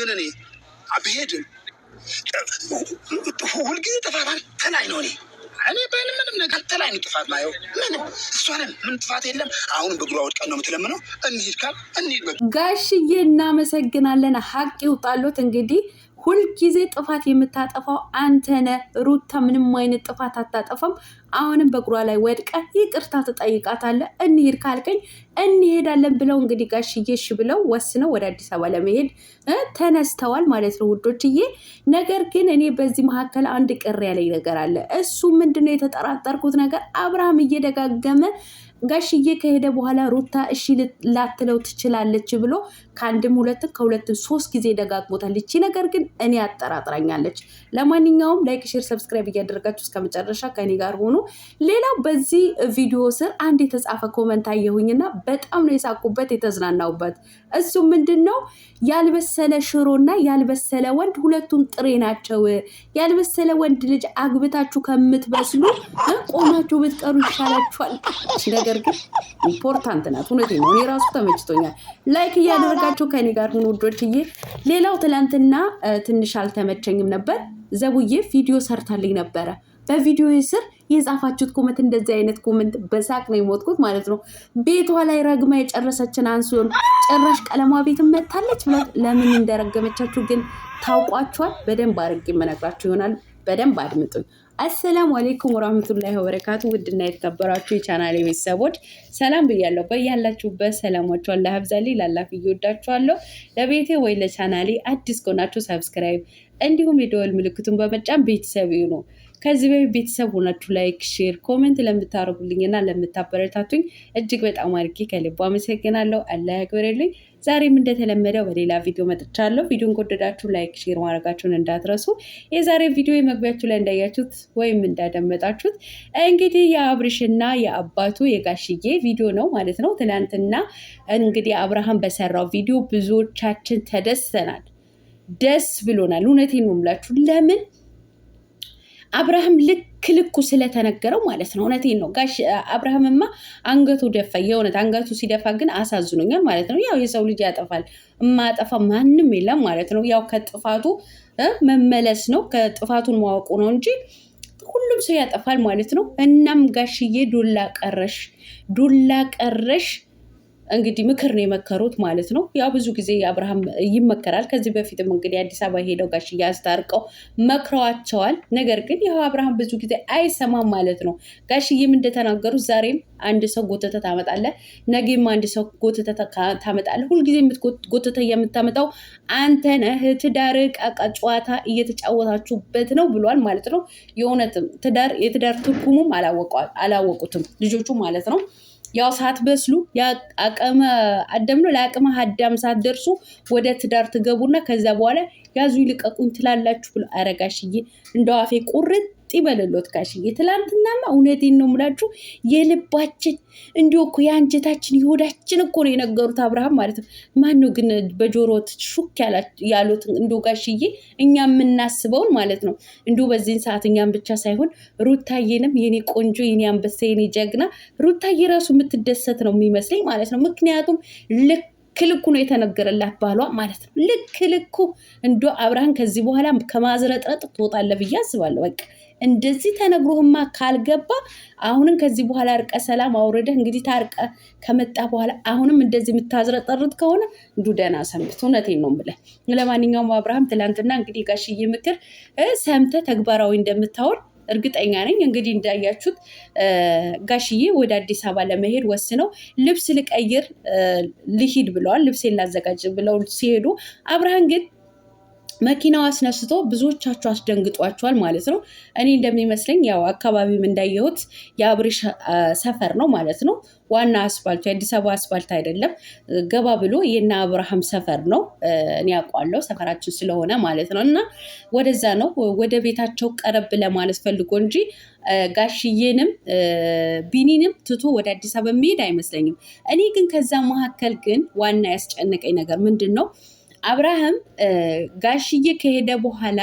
ግን እኔ ብሄድም ሁልጊዜ ጥፋት አንተ ነው። እኔ እኔ በን ምንም ነገር አንተ ነው ጥፋት ማየው ምንም እሷ ምን ጥፋት የለም። አሁን በግሯ ወድቀን ነው የምትለምነው። እንሂድ ካል እንሂድ። በቃ ጋሽዬ እናመሰግናለን። ሀቅ ይውጣሎት እንግዲህ ሁልጊዜ ጥፋት የምታጠፋው አንተነ ሩታ ምንም አይነት ጥፋት አታጠፋም። አሁንም በእግሯ ላይ ወድቀ ይቅርታ ትጠይቃታለህ። እንሄድ ካልከኝ እንሄዳለን ብለው እንግዲህ ጋሽዬ ብለው ወስነው ወደ አዲስ አበባ ለመሄድ ተነስተዋል ማለት ነው ውዶችዬ። ነገር ግን እኔ በዚህ መካከል አንድ ቅር ያለኝ ነገር አለ። እሱ ምንድነው የተጠራጠርኩት ነገር አብርሃም እየደጋገመ ጋሽዬ ከሄደ በኋላ ሩታ እሺ ላትለው ትችላለች ብሎ ከአንድም ሁለት ከሁለት ሶስት ጊዜ ደጋግሞታል። ይቺ ነገር ግን እኔ አጠራጥራኛለች። ለማንኛውም ላይክ፣ ሼር፣ ሰብስክራይብ እያደረጋችሁ እስከ መጨረሻ ከኔ ጋር ሆኑ። ሌላው በዚህ ቪዲዮ ስር አንድ የተጻፈ ኮመንት አየሁኝና በጣም ነው የሳቁበት የተዝናናውበት። እሱ ምንድን ነው ያልበሰለ ሽሮና ያልበሰለ ወንድ ሁለቱም ጥሬ ናቸው። ያልበሰለ ወንድ ልጅ አግብታችሁ ከምትበስሉ ቆማችሁ ብትቀሩ ይሻላችኋል። ነገር ግን ኢምፖርታንት ናት። እውነቴ ነው። እኔ ራሱ ተመችቶኛል። ላይክ እያደረጋችሁ ከኔ ጋር ሁኑ ውዶችዬ። ሌላው ትላንትና ትንሽ አልተመቸኝም ነበር። ዘቡዬ ቪዲዮ ሰርታልኝ ነበረ። በቪዲዮ ስር የጻፋችሁት ኮመንት እንደዚህ አይነት ኮመንት በሳቅ ነው የሞትኩት ማለት ነው። ቤቷ ላይ ረግማ የጨረሰችን አንሱን ጭራሽ ቀለማ ቤት መታለች ብላት ለምን እንደረገመቻችሁ ግን ታውቋችኋል። በደንብ አድርጌ መነግራችሁ ይሆናል። በደንብ አድምጡኝ። አሰላሙ አሌይኩም ወራህመቱላሂ ወበረካቱ። ውድና የተከበራችሁ የቻናል ቤተሰቦች ሰላም ብያለሁ። በያላችሁበት ሰላማችሁ አላህ ያብዛልኝ። ላላፍ እየወዳችኋለሁ። ለቤቴ ወይ ለቻናሌ አዲስ ከሆናችሁ ሰብስክራይብ፣ እንዲሁም የደወል ምልክቱን በመጫን ቤተሰብ ይሁኑ። ከዚህ በፊት ቤተሰብ ሆናችሁ ላይክ፣ ሼር፣ ኮሜንት ለምታረጉልኝና ለምታበረታቱኝ እጅግ በጣም አድርጌ ከልቦ አመሰግናለሁ። አላህ ያክብርልኝ። ዛሬም እንደተለመደው በሌላ ቪዲዮ መጥቻለሁ። ቪዲዮን ከወደዳችሁ ላይክ፣ ሼር ማድረጋችሁን እንዳትረሱ። የዛሬ ቪዲዮ የመግቢያችሁ ላይ እንዳያችሁት ወይም እንዳደመጣችሁት እንግዲህ የአብርሽና የአባቱ የጋሽዬ ቪዲዮ ነው ማለት ነው። ትናንትና እንግዲህ አብርሃም በሰራው ቪዲዮ ብዙዎቻችን ተደስተናል፣ ደስ ብሎናል። እውነቴን ነው የምላችሁ ለምን አብርሃም ልክ ክልኩ ስለተነገረው ማለት ነው። እውነቴን ነው ጋሽ አብርሃምማ አንገቱ ደፋ። የእውነት አንገቱ ሲደፋ ግን አሳዝኖኛል ማለት ነው። ያው የሰው ልጅ ያጠፋል፣ እማጠፋ ማንም የለም ማለት ነው። ያው ከጥፋቱ መመለስ ነው፣ ከጥፋቱን ማወቁ ነው እንጂ ሁሉም ሰው ያጠፋል ማለት ነው። እናም ጋሽዬ ዱላ ቀረሽ ዱላ ቀረሽ እንግዲህ ምክር ነው የመከሩት ማለት ነው። ያው ብዙ ጊዜ አብርሃም ይመከራል። ከዚህ በፊትም እንግዲህ አዲስ አበባ ሄደው ጋሽ አስታርቀው መክረዋቸዋል። ነገር ግን ይኸው አብርሃም ብዙ ጊዜ አይሰማም ማለት ነው። ጋሽዬም እንደተናገሩት ዛሬም አንድ ሰው ጎተተ ታመጣለ ነገም አንድ ሰው ጎተተ ታመጣለ። ሁልጊዜ ጎተተ የምታመጣው አንተ ነህ። ትዳር ቃቃ ጨዋታ እየተጫወታችሁበት ነው ብሏል ማለት ነው። የእውነትም ትዳር የትዳር ትርጉሙም አላወቁትም ልጆቹ ማለት ነው። ያው ሳትበስሉ አቅመ አደም ነው ለአቅመ አዳም ሳትደርሱ ወደ ትዳር ትገቡና ከዛ በኋላ ያዙ ይልቀቁኝ ትላላችሁ ብሎ አረጋሽዬ እንደው አፌ ቁርጥ ቀጥ ይበለሎት ጋሽዬ። ትላንትናማ እውነቴን ነው የምላችሁ የልባችን እንዲሁ እኮ የአንጀታችን የሆዳችን እኮ ነው የነገሩት አብርሃም ማለት ነው። ማነው ግን በጆሮት ሹክ ያሉት እንዲ ጋሽዬ? እኛ የምናስበውን ማለት ነው እንዲሁ በዚህን ሰዓት እኛም ብቻ ሳይሆን ሩታዬንም የኔ ቆንጆ የኔ አንበሳ የኔ ጀግና ሩታዬ ራሱ የምትደሰት ነው የሚመስለኝ ማለት ነው። ምክንያቱም ልክ ልኩ ነው የተነገረላት ባሏ ማለት ነው። ልክ ልኩ እንዶ አብርሃን ከዚህ በኋላ ከማዝረጥረጥ ትወጣለህ ብዬ አስባለሁ በቃ እንደዚህ ተነግሮህማ ካልገባ አሁንም ከዚህ በኋላ እርቀ ሰላም አውርደህ እንግዲህ ታርቀ ከመጣ በኋላ አሁንም እንደዚህ የምታዝረጠርጥ ከሆነ እንዱ ደህና ሰንብት። እውነቴን ነው የምልህ። ለማንኛውም አብርሃም ትላንትና እንግዲህ ጋሽዬ ምክር ሰምተህ ተግባራዊ እንደምታወር እርግጠኛ ነኝ። እንግዲህ እንዳያችሁት ጋሽዬ ወደ አዲስ አበባ ለመሄድ ወስነው ልብስ ልቀይር ልሂድ ብለዋል። ልብሴን ላዘጋጅ ብለው ሲሄዱ አብርሃም ግን መኪናው አስነስቶ ብዙዎቻችሁ አስደንግጧችኋል ማለት ነው። እኔ እንደሚመስለኝ ያው አካባቢም እንዳየሁት የአብሬሽ ሰፈር ነው ማለት ነው። ዋና አስፋልቱ የአዲስ አበባ አስፋልት አይደለም፣ ገባ ብሎ የነ አብርሃም ሰፈር ነው። እኔ ያውቋለሁ ሰፈራችን ስለሆነ ማለት ነው። እና ወደዛ ነው ወደ ቤታቸው ቀረብ ለማለት ፈልጎ እንጂ ጋሽዬንም ቢኒንም ትቶ ወደ አዲስ አበባ የሚሄድ አይመስለኝም። እኔ ግን ከዛ መካከል ግን ዋና ያስጨነቀኝ ነገር ምንድን ነው አብርሃም ጋሽዬ ከሄደ በኋላ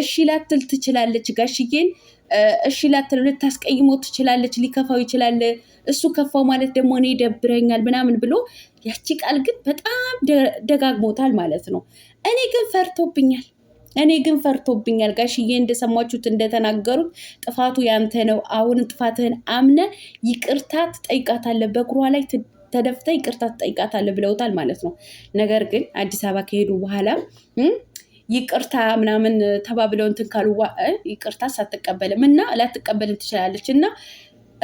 እሺ ላትል ትችላለች። ጋሽዬን እሺ ላትል ልታስቀይሞ ትችላለች። ሊከፋው ይችላል። እሱ ከፋው ማለት ደግሞ እኔ ደብረኛል ምናምን ብሎ ያቺ ቃል ግን በጣም ደጋግሞታል ማለት ነው። እኔ ግን ፈርቶብኛል እኔ ግን ፈርቶብኛል። ጋሽዬ እንደሰማችሁት እንደተናገሩት ጥፋቱ ያንተ ነው። አሁን ጥፋትህን አምነ ይቅርታ ትጠይቃታለህ በእግሯ ላይ ተደፍታ ይቅርታ ትጠይቃታለህ ብለውታል ማለት ነው። ነገር ግን አዲስ አበባ ከሄዱ በኋላ ይቅርታ ምናምን ተባብለው እንትን ካሉ ይቅርታ ሳትቀበልም እና ላትቀበልም ትችላለች እና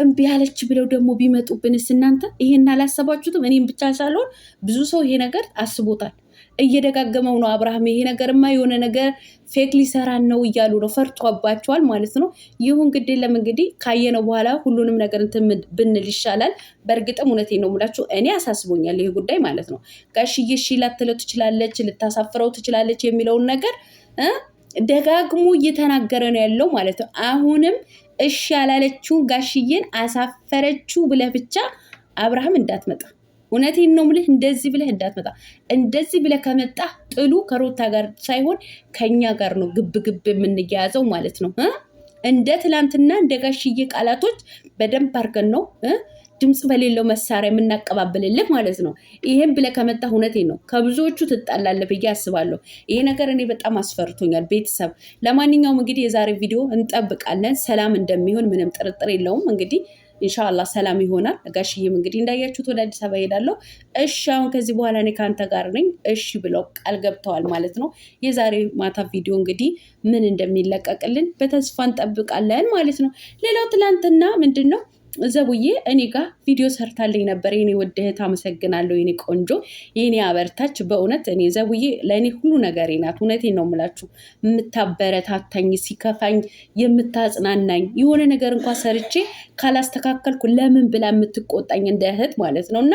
እምቢ ያለች ብለው ደግሞ ቢመጡብንስ እናንተ ይሄን አላሰባችሁትም? እኔም ብቻ ሳልሆን ብዙ ሰው ይሄ ነገር አስቦታል። እየደጋገመው ነው አብርሃም። ይሄ ነገርማ የሆነ ነገር ፌክ ሊሰራን ነው እያሉ ነው፣ ፈርቷባቸዋል ማለት ነው። ይሁን ግድ የለም እንግዲህ ካየነው በኋላ ሁሉንም ነገር እንትን ብንል ይሻላል። በእርግጥም እውነቴን ነው የምላችሁ፣ እኔ አሳስቦኛል ይሄ ጉዳይ ማለት ነው። ጋሽዬ እሺ ላትለው ትችላለች፣ ልታሳፍረው ትችላለች የሚለውን ነገር ደጋግሞ እየተናገረ ነው ያለው ማለት ነው። አሁንም እሺ ያላለችው ጋሽዬን አሳፈረችው ብለህ ብቻ አብርሃም እንዳትመጣ እውነቴን ነው ምልህ። እንደዚህ ብለህ እንዳትመጣ። እንደዚህ ብለህ ከመጣ ጥሉ ከሮታ ጋር ሳይሆን ከኛ ጋር ነው ግብ ግብ የምንያያዘው ማለት ነው። እንደ ትላንትና እንደ ጋሽዬ ቃላቶች በደንብ አድርገን ነው ድምፅ በሌለው መሳሪያ የምናቀባበልልህ ማለት ነው። ይህም ብለህ ከመጣ እውነቴ ነው ከብዙዎቹ ትጣላለህ ብዬ አስባለሁ። ይሄ ነገር እኔ በጣም አስፈርቶኛል ቤተሰብ። ለማንኛውም እንግዲህ የዛሬ ቪዲዮ እንጠብቃለን። ሰላም እንደሚሆን ምንም ጥርጥር የለውም እንግዲህ ኢንሻላ ሰላም ይሆናል። ጋሽዬም እንግዲህ እንዳያችሁት ወደ አዲስ አበባ ሄዳለሁ። እሺ አሁን ከዚህ በኋላ እኔ ከአንተ ጋር ነኝ እሺ ብለው ቃል ገብተዋል ማለት ነው። የዛሬ ማታ ቪዲዮ እንግዲህ ምን እንደሚለቀቅልን በተስፋ እንጠብቃለን ማለት ነው። ሌላው ትናንትና ምንድን ነው ዘቡዬ እኔ ጋር ቪዲዮ ሰርታልኝ ነበር። የኔ ውድ እህት አመሰግናለሁ። የኔ ቆንጆ፣ የኔ አበርታች። በእውነት እኔ ዘቡዬ ለእኔ ሁሉ ነገሬ ናት። እውነቴን ነው የምላችሁ። የምታበረታታኝ፣ ሲከፋኝ የምታጽናናኝ፣ የሆነ ነገር እንኳ ሰርቼ ካላስተካከልኩ ለምን ብላ የምትቆጣኝ እንደ እህት ማለት ነው። እና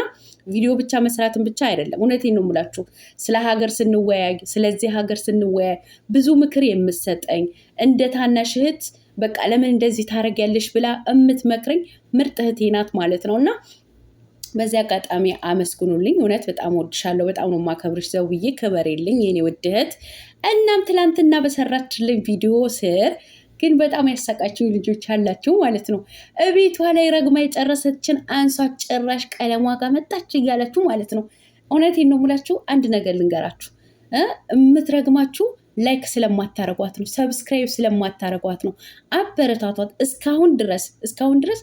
ቪዲዮ ብቻ መስራትን ብቻ አይደለም። እውነቴን ነው የምላችሁ። ስለ ሀገር ስንወያይ፣ ስለዚህ ሀገር ስንወያይ ብዙ ምክር የምሰጠኝ እንደ ታናሽ እህት በቃ ለምን እንደዚህ ታደርጊያለሽ ብላ የምትመክረኝ ምርጥ እህቴ ናት ማለት ነው እና በዚህ አጋጣሚ አመስግኑልኝ። እውነት በጣም ወድሻለሁ፣ በጣም ነው የማከብርሽ። ዘውዬ ክበሬልኝ የኔ ውድ እህት። እናም ትላንትና በሰራችልኝ ቪዲዮ ስር ግን በጣም ያሳቃችሁ ልጆች አላችሁ ማለት ነው። እቤቷ ላይ ረግማ የጨረሰችን አንሷ ጭራሽ ቀለሟ ጋር መጣች እያላችሁ ማለት ነው። እውነቴን ነው የምላችሁ። አንድ ነገር ልንገራችሁ፣ የምትረግማችሁ ላይክ ስለማታረጓት ነው፣ ሰብስክራይብ ስለማታረጓት ነው። አበረታቷት። እስካሁን ድረስ እስካሁን ድረስ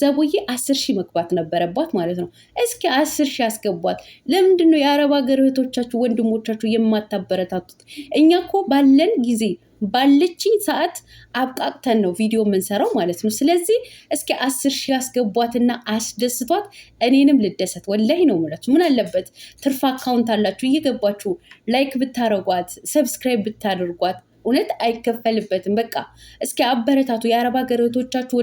ዘቦዬ አስር ሺህ መግባት ነበረባት ማለት ነው። እስኪ አስር ሺህ አስገቧት። ለምንድን ነው የአረብ ሀገር እህቶቻችሁ ወንድሞቻችሁ የማታበረታቱት? እኛ እኮ ባለን ጊዜ ባለችኝ ሰዓት አብቃቅተን ነው ቪዲዮ የምንሰራው ማለት ነው። ስለዚህ እስኪ አስር ሺህ አስገቧትና አስደስቷት፣ እኔንም ልደሰት። ወላይ ነው ምለቱ። ምን አለበት ትርፍ አካውንት አላችሁ እየገባችሁ ላይክ ብታረጓት፣ ሰብስክራይብ ብታደርጓት እውነት አይከፈልበትም። በቃ እስኪ አበረታቱ። የአረብ ሀገር እህቶቻችሁ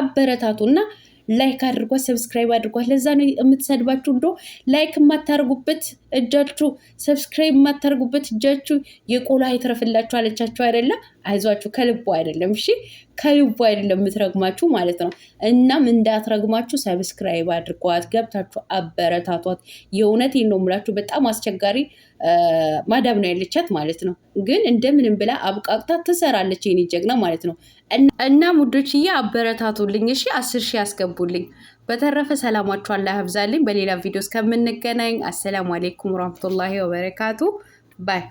አበረታቱ እና ላይክ አድርጓት፣ ሰብስክራይብ አድርጓት። ለዛ ነው የምትሰድባችሁ እንዶ ላይክ የማታደርጉበት እጃችሁ፣ ሰብስክራይብ የማታደርጉበት እጃችሁ የቆላ አይትረፍላችሁ አለቻችሁ አይደለም። አይዟችሁ ከልቦ አይደለም እሺ። ከልቡ አይደለም የምትረግማችሁ ማለት ነው። እናም እንዳትረግማችሁ ሰብስክራይብ አድርጓት፣ ገብታችሁ አበረታቷት። የእውነት ነው የምላችሁ በጣም አስቸጋሪ ማዳብ ነው ያለቻት ማለት ነው። ግን እንደምንም ብላ አብቃቅታ ትሰራለች የኔ ጀግና ማለት ነው። እናም ውዶችዬ አበረታቱልኝ፣ እሺ አስር ሺህ ያስገቡልኝ። በተረፈ ሰላማችሁ አላህ ያብዛልኝ። በሌላ ቪዲዮ እስከምንገናኝ አሰላሙ አሌይኩም ወራህመቱላሂ ወበረካቱ ባይ